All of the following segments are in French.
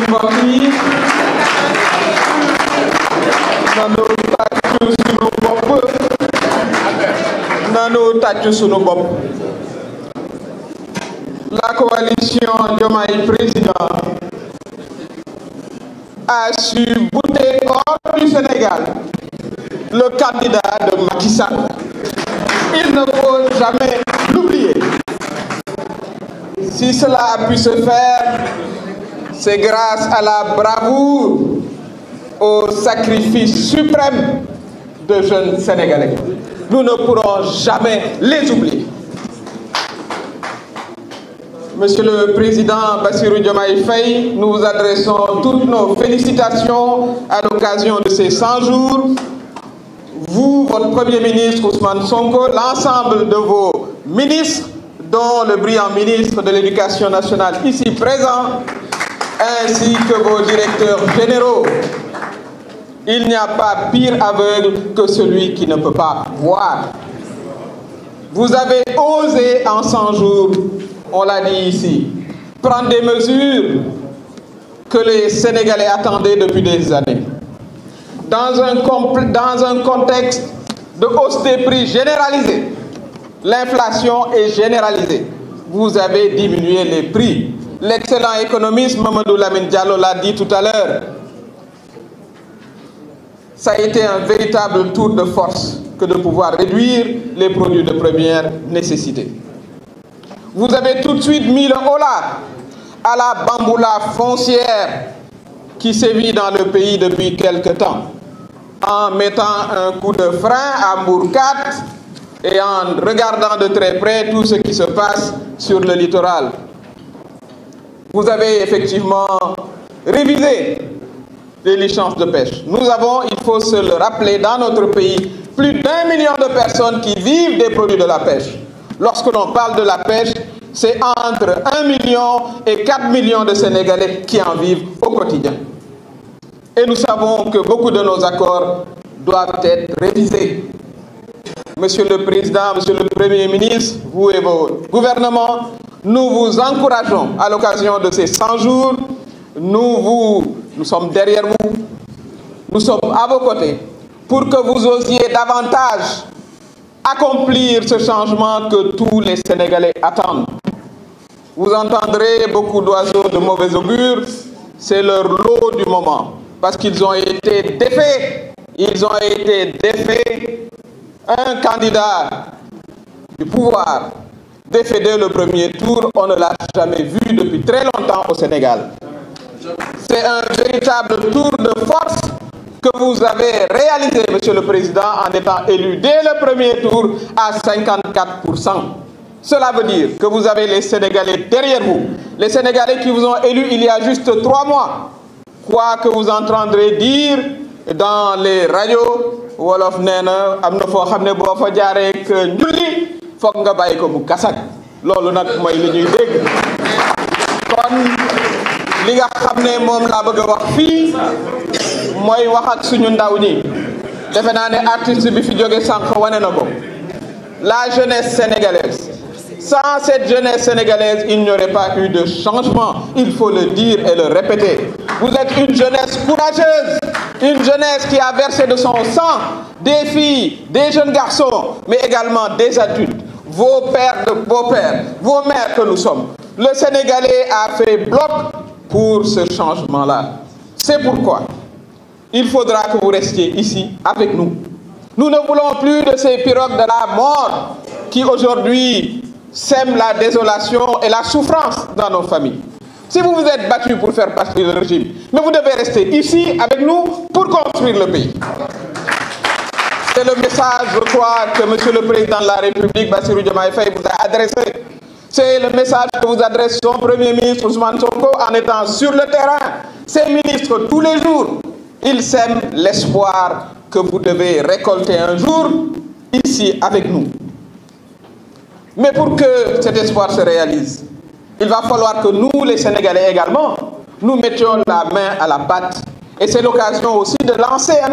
la coalition ma Président a su bouter hors du Sénégal le candidat de Macky il ne faut jamais l'oublier si cela a pu se faire c'est grâce à la bravoure, au sacrifice suprême de jeunes Sénégalais. Nous ne pourrons jamais les oublier. Monsieur le Président Bassirou Diomaye Faye, nous vous adressons toutes nos félicitations à l'occasion de ces 100 jours. Vous, votre Premier ministre Ousmane Sonko, l'ensemble de vos ministres, dont le brillant ministre de l'Éducation nationale ici présent, ainsi que vos directeurs généraux. Il n'y a pas pire aveugle que celui qui ne peut pas voir. Vous avez osé en 100 jours, on l'a dit ici, prendre des mesures que les Sénégalais attendaient depuis des années. Dans un, contexte de hausse des prix généralisée, l'inflation est généralisée. Vous avez diminué les prix L'excellent économiste Mamadou Lamine Diallo l'a dit tout à l'heure. Ça a été un véritable tour de force que de pouvoir réduire les produits de première nécessité. Vous avez tout de suite mis le holà à la bamboula foncière qui sévit dans le pays depuis quelque temps, en mettant un coup de frein à Mourkat et en regardant de très près tout ce qui se passe sur le littoral, vous avez effectivement révisé les licences de pêche. Nous avons, il faut se le rappeler, dans notre pays, plus d'un million de personnes qui vivent des produits de la pêche. Lorsque l'on parle de la pêche, c'est entre 1 million et 4 millions de Sénégalais qui en vivent au quotidien. Et nous savons que beaucoup de nos accords doivent être révisés. Monsieur le Président, Monsieur le Premier ministre, vous et vos gouvernements, nous vous encourageons à l'occasion de ces 100 jours. Nous, vous, nous sommes derrière vous. Nous sommes à vos côtés pour que vous osiez davantage accomplir ce changement que tous les Sénégalais attendent. Vous entendrez beaucoup d'oiseaux de mauvais augure. C'est leur lot du moment parce qu'ils ont été défaits. Ils ont été défaits. Un candidat du pouvoir déféder le premier tour, on ne l'a jamais vu depuis très longtemps au Sénégal. C'est un véritable tour de force que vous avez réalisé, Monsieur le Président, en étant élu dès le premier tour à 54%. Cela veut dire que vous avez les Sénégalais derrière vous, les Sénégalais qui vous ont élu il y a juste trois mois. Quoi que vous entendrez dire dans les radios, Wolof Nene, Amnofo la jeunesse sénégalaise sans cette jeunesse sénégalaise il n'y aurait pas eu de changement il faut le dire et le répéter vous êtes une jeunesse courageuse une jeunesse qui a versé de son sang des filles des jeunes garçons mais également des adultes vos pères, de, vos pères, vos mères que nous sommes. Le Sénégalais a fait bloc pour ce changement-là. C'est pourquoi il faudra que vous restiez ici avec nous. Nous ne voulons plus de ces pirogues de la mort qui aujourd'hui sèment la désolation et la souffrance dans nos familles. Si vous vous êtes battu pour faire partie du régime, mais vous devez rester ici avec nous pour construire le pays. C'est le message, je crois, que M. le Président de la République, Bassirou Diomaye Faye, vous a adressé. C'est le message que vous adresse son Premier ministre Ousmane Sonko en étant sur le terrain. Ces ministres, tous les jours, ils sèment l'espoir que vous devez récolter un jour ici avec nous. Mais pour que cet espoir se réalise, il va falloir que nous, les Sénégalais également, nous mettions la main à la patte Et c'est l'occasion aussi de lancer un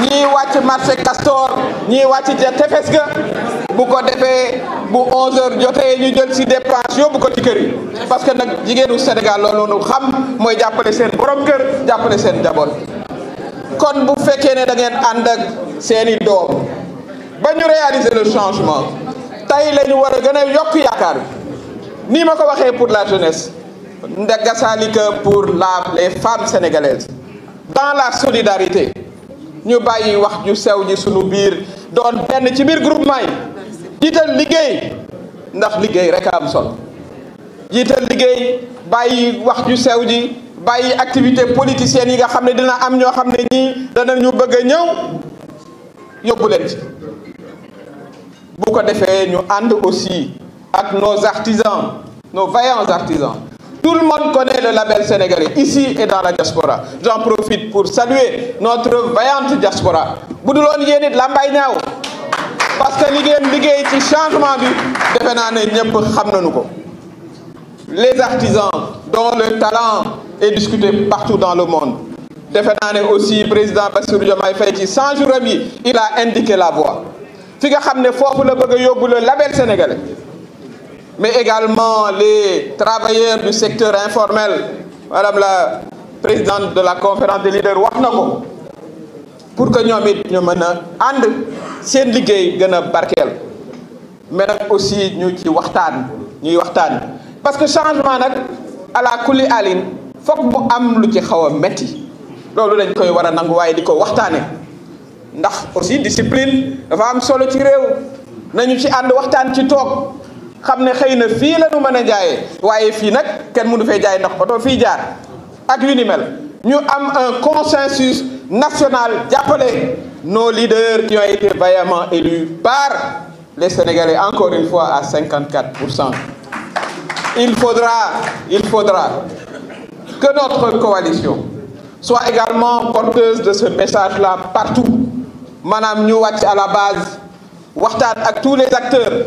ñii wàcc marché Castor ñii wàcc ca tefes ga bu ko defee bu 11h jotee ñu jël si dépense yóbbu ko ci kër yi parce que nag jigéenu Sénégal loolu nu xam mooy jàppale seen borom kër jàppale seen njaboot kon bu fekkee ne da ngeen ànd ak seeni doom ba ñu réaliser le changement tey la ñu war a gën a yokk yaakaar nii ma ko waxee pour la jeunesse Ndagasalika pour la les femmes sénégalaises dans la solidarité nous bayyi wax ju sew sunu biir doon benn ci biir Nous may jiital liggéey ndax liggéey rek am Nous jiital liggéey bayyi wax ju sew ji activité politicienne yi nga dina am ñoo xam ne bëgg aussi avec nos artisans nos vaillants artisans tout le monde connaît le label sénégalais, ici et dans la diaspora. J'en profite pour saluer notre vaillante diaspora. Boudouloun Yénit Lambayniao. Parce que le changement du Les artisans dont le talent est discuté partout dans le monde. Défenane aussi, président Bassirou Diomaye Faye, 100 jours il a indiqué la voie. Fi nga xamné fofu la bëgg le label sénégalais mais également les travailleurs du secteur informel madame la présidente de la conférence des leaders wax pour que nous it ñu mën a ànd seen liggéey mais aussi ñu ci waxtaan ñuy waxtaan parce que changement nag ala kulli alin faut que am lu ci xaw a metti loolu dañ koy war a nangu waaye di ko waxtaane ndax aussi discipline dafa am solo ci réew nañu ci ànd waxtaan ci toog nous avons ndax jaar un consensus national d'appeler nos leaders qui ont été vaillamment élus par les Sénégalais encore une fois à 54 il faudra il faudra que notre coalition soit également porteuse de ce message là partout Madame ñu à la base waxtaan ak tous les acteurs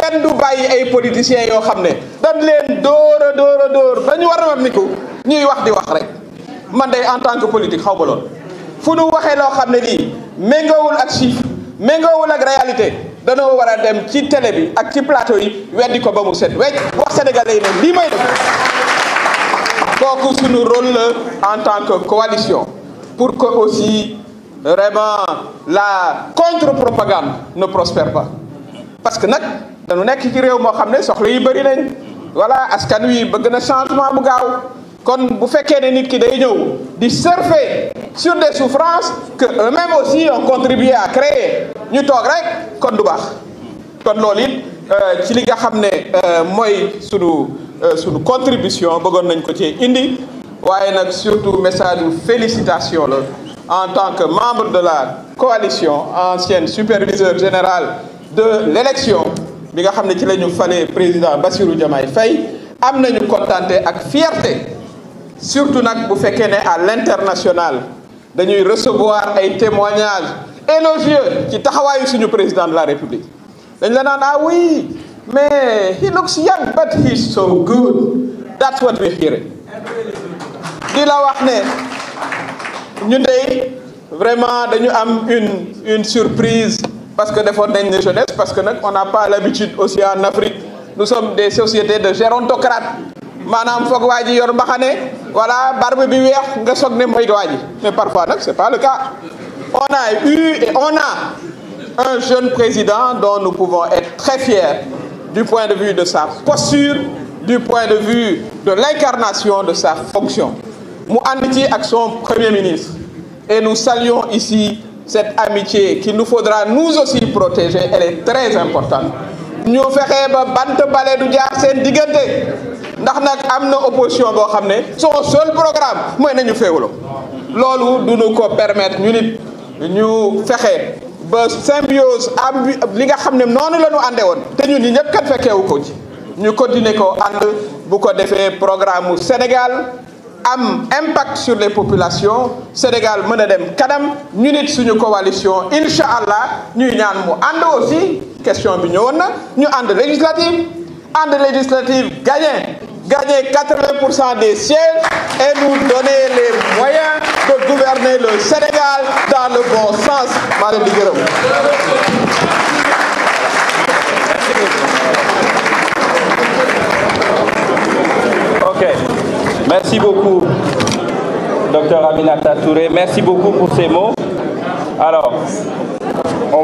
kenn du bàyyi ay politiciens yoo xam ne dañ leen dóor a dóor a dóor dañu war a miku ñuy wax di wax rek man day en tant que politique xaw ba lool fu nu waxee loo xam ne lii méngoowul ak chiffre méngoowul ak réalité danoo war a dem ci télé bi ak ci plateau yi weddi ko ba mu set wecc wax sénégalais yi ne lii may def kooku suñu rôle la en tant que coalition pour que aussi vraiment la contre-propagande ne prospère pas parce que nag dañu nek ci rew mo soxla yi voilà askan wi na changement bu gaaw kon bu sur des souffrances que eux-mêmes aussi ont contribué à créer ñu rek kon du baax contribution indi surtout message en tant que membre de la coalition ancienne superviseur général de l'élection nous nga le que ci président Bassirou Diomaye Faye nous nañu kontante ak fierté surtout pour bu fekkee à l'international de recevoir un témoignages élogieux qui ci sur le président de la république Nous disons, ah oui mais il looks young but he's so good that's what we hearing. » Nous la wax Nous avons vraiment une une surprise parce que on on une jeunesse parce que on n'a pas l'habitude aussi en Afrique nous sommes des sociétés de gérontocrates Madame voilà barbe bi mais parfois ce c'est pas le cas on a eu et on a un jeune président dont nous pouvons être très fiers du point de vue de sa posture du point de vue de l'incarnation de sa fonction Mouhamiti ànd son premier ministre et nous saluons ici cette amitié qu'il nous faudra nous aussi protéger elle est très importante ñu fexe ba bant bale du jaar seen diggante ndax nous avons une opposition boo xam son seul programme Moi, nañu féewloo loolu duñu ko permettre ñu nous ñu fexe ba symbiose am li nga xam ne noonu la ñu ànde woon te ñun ñi ñëpp kat fekkeewu ko ci ñu continuer ko bu ko programme Sénégal impact sur les populations Sénégal madame, madame, dem sommes ñu nit suñu coalition Inch'Allah, nous ñuy ñaan mu And aussi question bi nous na ñu and législative de législative gagner gagner 80 des sièges et nous donner les moyens de gouverner le Sénégal dans le bon Aminata Touré. Merci beaucoup pour ces mots. Alors, on